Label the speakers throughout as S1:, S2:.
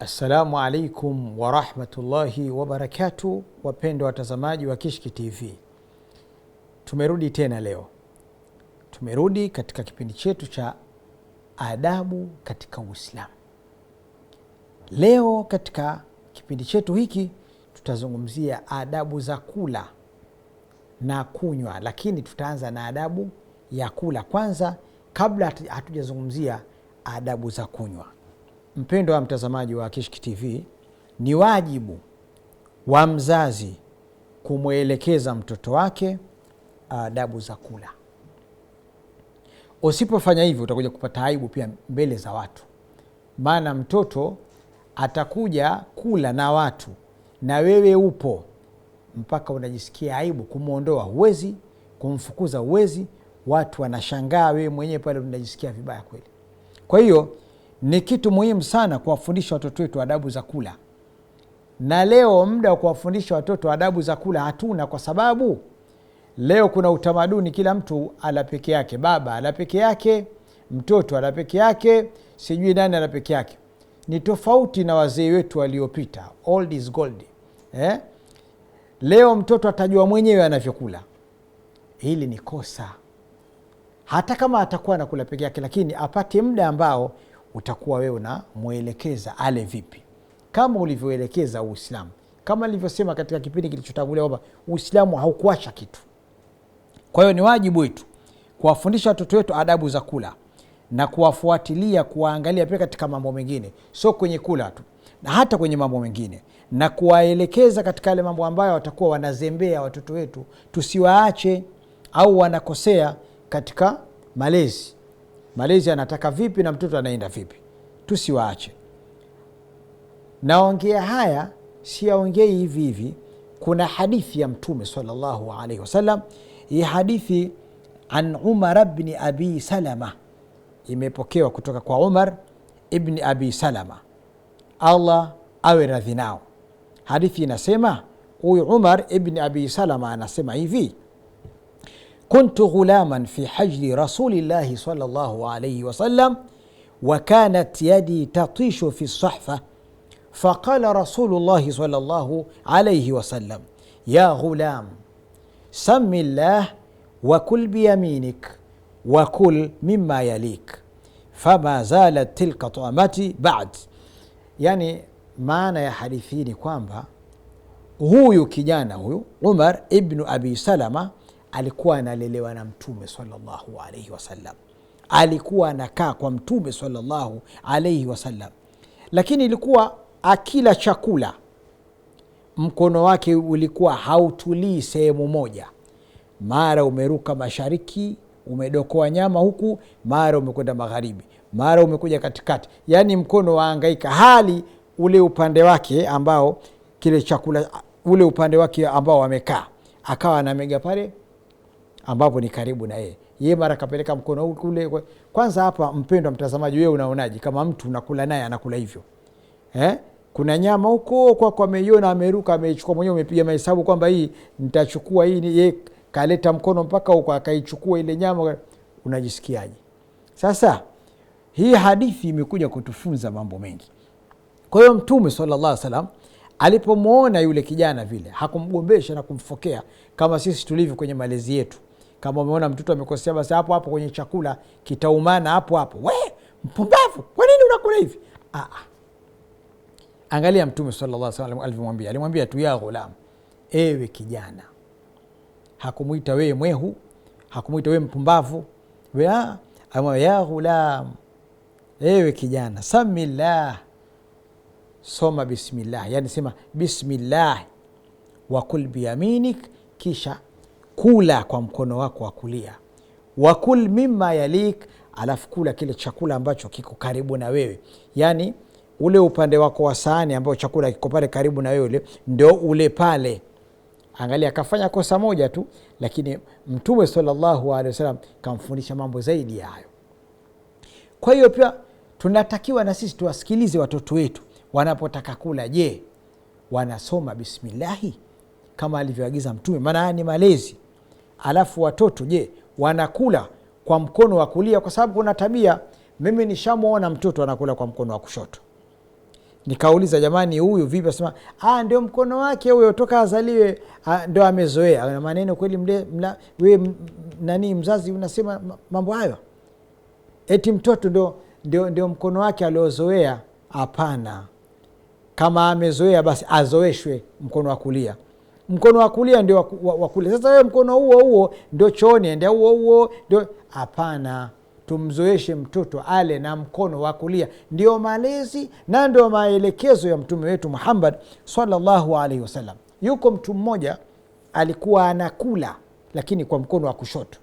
S1: Assalamu alaikum warahmatullahi wabarakatu, wapendwa watazamaji wa Kishki TV, tumerudi tena leo. Tumerudi katika kipindi chetu cha adabu katika Uislamu. Leo katika kipindi chetu hiki tutazungumzia adabu za kula na kunywa, lakini tutaanza na adabu ya kula kwanza, kabla hatujazungumzia adabu za kunywa. Mpendo wa mtazamaji wa Kishki TV, ni wajibu wa mzazi kumwelekeza mtoto wake adabu za kula. Usipofanya hivyo, utakuja kupata aibu pia mbele za watu, maana mtoto atakuja kula na watu na wewe upo, mpaka unajisikia aibu. Kumwondoa huwezi, kumfukuza huwezi, watu wanashangaa, wewe mwenyewe pale unajisikia vibaya kweli. Kwa hiyo ni kitu muhimu sana kuwafundisha watoto wetu adabu za kula, na leo muda wa kuwafundisha watoto adabu za kula hatuna, kwa sababu leo kuna utamaduni, kila mtu ala peke yake, baba ala peke yake, mtoto ala peke yake, sijui nani ala peke yake. Ni tofauti na wazee wetu waliopita, old is gold eh? Leo mtoto atajua mwenyewe anavyokula. Hili ni kosa, hata kama atakuwa anakula peke yake, lakini apate muda ambao utakuwa wewe unamwelekeza ale vipi, kama ulivyoelekeza Uislamu, kama nilivyosema katika kipindi kilichotangulia kwamba Uislamu haukuacha kitu. Kwa hiyo ni wajibu wetu kuwafundisha watoto wetu adabu za kula na kuwafuatilia, kuwaangalia pia katika mambo mengine, sio kwenye kula tu, na hata kwenye mambo mengine, na kuwaelekeza katika yale mambo ambayo watakuwa wanazembea watoto wetu, tusiwaache au wanakosea katika malezi malezi anataka vipi na mtoto anaenda vipi, tusiwaache. Naongea haya siyaongei hivi hivi. Kuna hadithi ya Mtume sallallahu alaihi wasallam, hii hadithi an Umar bni abi Salama, imepokewa kutoka kwa Umar ibni abi Salama, Allah awe radhi nao. Hadithi inasema huyu Umar ibni abi Salama anasema hivi كنت غلاما في حجر رسول الله صلى الله عليه وسلم وكانت يدي تطيش في الصحفه فقال رسول الله صلى الله عليه وسلم يا غلام سم الله وكل بيمينك وكل مما يليك فما زالت تلك طعمتي بعد يعني maana يا hadithi hii ni kwamba huyu عمر ابن أبي سلمة alikuwa analelewa na Mtume sallallahu alaihi wasallam, alikuwa anakaa kwa Mtume sallallahu alaihi wasallam, lakini ilikuwa akila chakula mkono wake ulikuwa hautulii sehemu moja, mara umeruka mashariki umedokoa nyama huku, mara umekwenda magharibi, mara umekuja katikati, yaani mkono waangaika, hali ule upande wake ambao kile chakula ule upande wake ambao wamekaa, akawa anamega pale ambapo ni karibu na yeye yeye, mara kapeleka mkono kule Kwanza hapa, mpendwa mtazamaji, wewe unaonaje kama mtu unakula naye anakula hivyo eh? Kuna nyama huko kwa kwa ameiona, ameruka, amechukua mwenyewe, umepiga mahesabu kwamba hii nitachukua hii, Ni yeye kaleta mkono mpaka huko akaichukua ile nyama, unajisikiaje? Sasa hii hadithi imekuja kutufunza mambo mengi. Kwa hiyo Mtume sallallahu alaihi wasallam alipomwona yule kijana vile hakumgombesha na kumfokea kama sisi tulivyo kwenye malezi yetu. Kama umeona mtoto amekosea, basi hapo hapo kwenye chakula kitaumana hapo hapo. We mpumbavu, kwa nini unakula hivi? Ah, ah. angalia Mtume sallallahu alaihi wasallam alivyomwambia, alimwambia tu ya ghulam, ewe kijana. Hakumwita wewe mwehu, hakumwita wewe mpumbavu, ah, ya ghulam, ewe kijana, samillah, soma bismillah, yani sema bismillah wakul biyaminik, kisha kula kwa mkono wako wa kulia, wakul mima yalik, alafu kula kile chakula ambacho kiko karibu na wewe, yani ule upande wako wa sahani ambao chakula kiko pale karibu na wewe, ndo ule pale. Angalia, akafanya kosa moja tu, lakini Mtume sallallahu alaihi wasallam kamfundisha mambo zaidi ya hayo. Kwa hiyo pia tunatakiwa na sisi tuwasikilize watoto wetu wanapotaka kula. Je, wanasoma bismillahi kama alivyoagiza Mtume? Maana haya ni malezi alafu watoto je, wanakula kwa mkono wa kulia? Kwa sababu kuna tabia, mimi nishamwona mtoto anakula kwa mkono wa kushoto. Nikauliza, jamani, huyu vipi? Asema ah, ndio mkono wake huyo, toka azaliwe ah, ndo amezoea. Na maneno kweli, mle, mla, we nani mzazi unasema mambo hayo eti mtoto ndio, ndio, ndio mkono wake aliozoea? Hapana, kama amezoea basi azoeshwe mkono wa kulia mkono wa kulia ndio wa kulia. Sasa wewe mkono huo huo ndio chooni, enda huo huo ndio. Hapana, tumzoeshe mtoto ale na mkono wa kulia. Ndio malezi na ndio maelekezo ya mtume wetu Muhammad sallallahu alaihi wasallam. Yuko mtu mmoja alikuwa anakula lakini kwa mkono wa kushoto.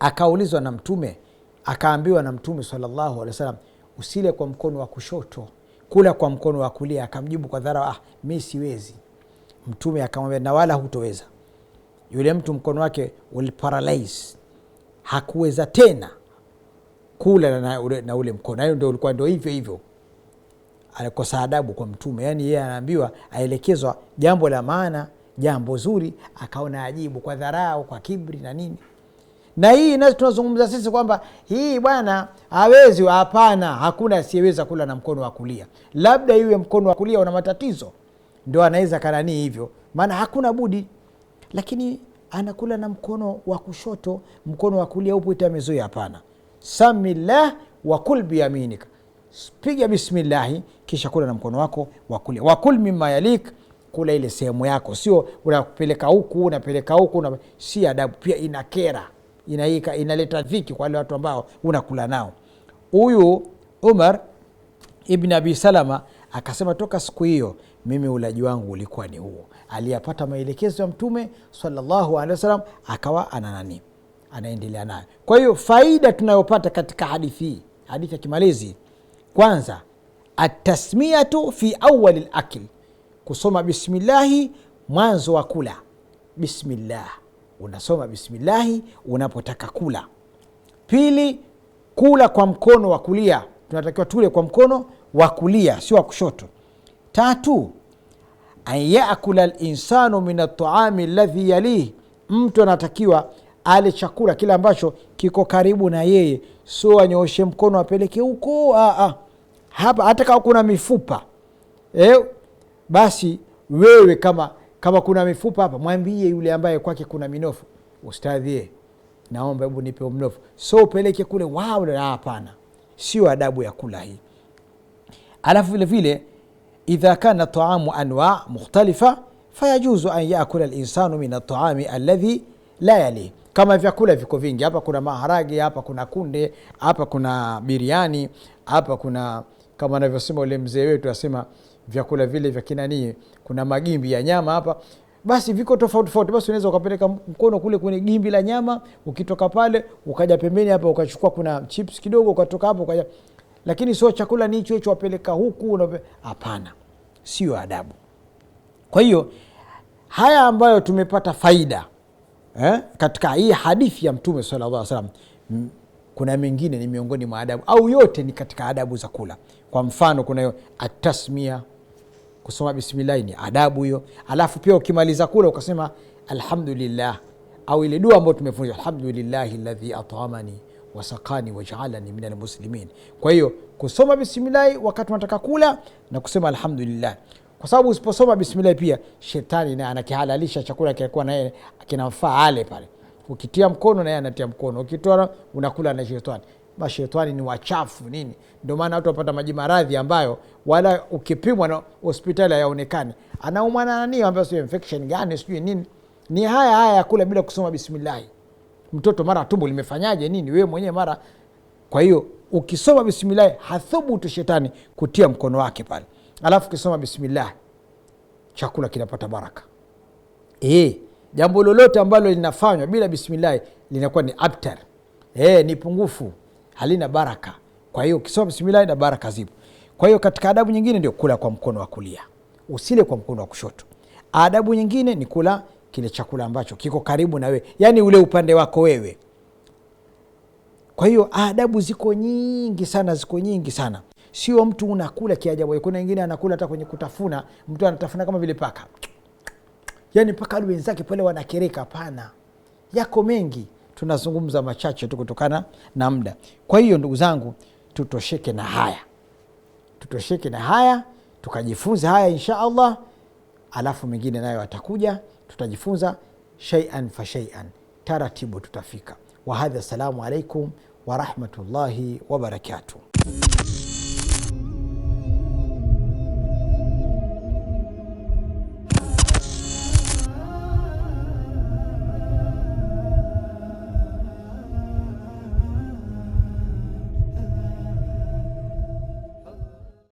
S1: Akaulizwa na Mtume, akaambiwa na Mtume sallallahu alaihi wasallam, usile kwa mkono wa kushoto, kula kwa mkono wa kulia. Akamjibu kwa dharau, ah, mi siwezi. Mtume akamwambia na wala hutoweza. Yule mtu mkono wake uliparalyze, hakuweza tena kula na ule, na ule mkono. Hayo ndio ulikuwa ndio hivyo hivyo, alikosa adabu kwa Mtume. Yani yeye anaambiwa, aelekezwa jambo la maana, jambo zuri, akaona ajibu kwa dharau, kwa kibri na nini. Na hii nasi tunazungumza sisi kwamba hii bwana hawezi. Hapana, hakuna asiyeweza kula na mkono wa kulia, labda iwe mkono wa kulia una matatizo ndo anaweza kanani hivyo, maana hakuna budi, lakini anakula na mkono wa kushoto, mkono wa kulia upo ita amezuia? Hapana, samillah wakul biyaminika, piga bismillahi kisha kula na mkono wako wa kulia. Wakul mima yalik, kula ile sehemu yako, sio unapeleka huku unapeleka huku una... si adabu pia, inakera inaika inaleta dhiki kwa wale watu ambao unakula nao. Huyu Umar ibn Abi Salama Akasema toka siku hiyo mimi ulaji wangu ulikuwa ni huo. Aliyapata maelekezo ya Mtume sallallahu alaihi wasallam akawa ana nani, anaendelea nayo. Kwa hiyo faida tunayopata katika hadithi hii, hadithi ya kimalezi, kwanza atasmiatu fi awali lakli, kusoma bismillahi mwanzo wa kula. Bismillah, unasoma bismillahi unapotaka kula. Pili, kula kwa mkono wa kulia, tunatakiwa tule kwa mkono wa kulia, sio wa kushoto. Tatu, an yakula linsanu min ataami ladhi yalihi mtu anatakiwa ale chakula kile ambacho kiko karibu na yeye, sio anyooshe mkono apeleke huko hapa, hata kama kuna mifupa eh, basi wewe kama kama kuna mifupa hapa, mwambie yule ambaye kwake kuna minofu, ustadhie, naomba hebu nipe mnofu, so upeleke kule. Wow, hapana, sio adabu ya kula hii alafu vile vile idha kana taamu anwa mukhtalifa fayajuzu an yakula linsanu min ataami aladhi la yali kama vyakula viko vingi, hapa kuna maharagi hapa kuna kunde, hapa kuna biriani, hapa kuna kama anavyosema ule mzee wetu asema vyakula vile vya kinanii, kuna magimbi ya nyama hapa, basi viko tofauti tofauti, basi unaweza ukapeleka mkono kule kwenye gimbi la nyama, ukitoka pale ukaja pembeni hapa ukachukua kuna chips kidogo, ukatoka hapo ukaja lakini sio chakula ni hicho hicho wapeleka huku. Hapana, siyo adabu. Kwa hiyo haya ambayo tumepata faida eh, katika hii hadithi ya Mtume sallallahu alaihi wasallam kuna mengine ni miongoni mwa adabu au yote ni katika adabu za kula. Kwa mfano, kuna atasmia, kusoma bismillahi ni adabu hiyo. Alafu pia ukimaliza kula ukasema alhamdulillah, au ile dua ambayo tumefunisha alhamdulillahi ladhi atamani wasakani wajaalani min almuslimin. Kwa hiyo kusoma bismillahi wakati unataka kula na kusema alhamdulillah, kwa sababu usiposoma bismillahi pia shetani naye anakihalalisha chakula kilikuwa naye kinamfaa ale pale. Ukitia mkono naye anatia mkono, ukitoa unakula na shetani. Mashetani ni wachafu nini, ndio maana watu wapata maji maradhi ambayo wala ukipimwa na hospitali hayaonekani, anaumwa na ambayo sio infection gani sijui nini. Ni haya haya ya kula bila kusoma bismillahi mtoto mara tumbo limefanyaje nini, wewe mwenyewe mara. Kwa hiyo ukisoma bismillahi hathubutu shetani kutia mkono wake pale, alafu ukisoma bismillah chakula kinapata baraka e. Jambo lolote ambalo linafanywa bila bismillah linakuwa ni abtar e, ni pungufu, halina baraka. Kwa hiyo ukisoma bismillah na baraka zipo. Kwa hiyo katika adabu nyingine ndio kula kwa mkono wa kulia, usile kwa mkono wa kushoto. Adabu nyingine ni kula kile chakula ambacho kiko karibu na wewe, yaani ule upande wako wewe. Kwa hiyo adabu ziko nyingi sana, ziko nyingi sana, sio mtu unakula kiajabu. Kuna wengine anakula hata kwenye kutafuna, mtu anatafuna kama vile paka, yaani paka wenzake pale wanakereka. Hapana, yako mengi, tunazungumza machache tu kutokana na muda. Kwa hiyo ndugu zangu, tutosheke na haya, tutosheke na haya, tukajifunze haya insha Allah, alafu mengine nayo atakuja tutajifunza shaian fa shaian, taratibu tutafika. Wahadha, assalamu alaikum warahmatullahi wabarakatuh.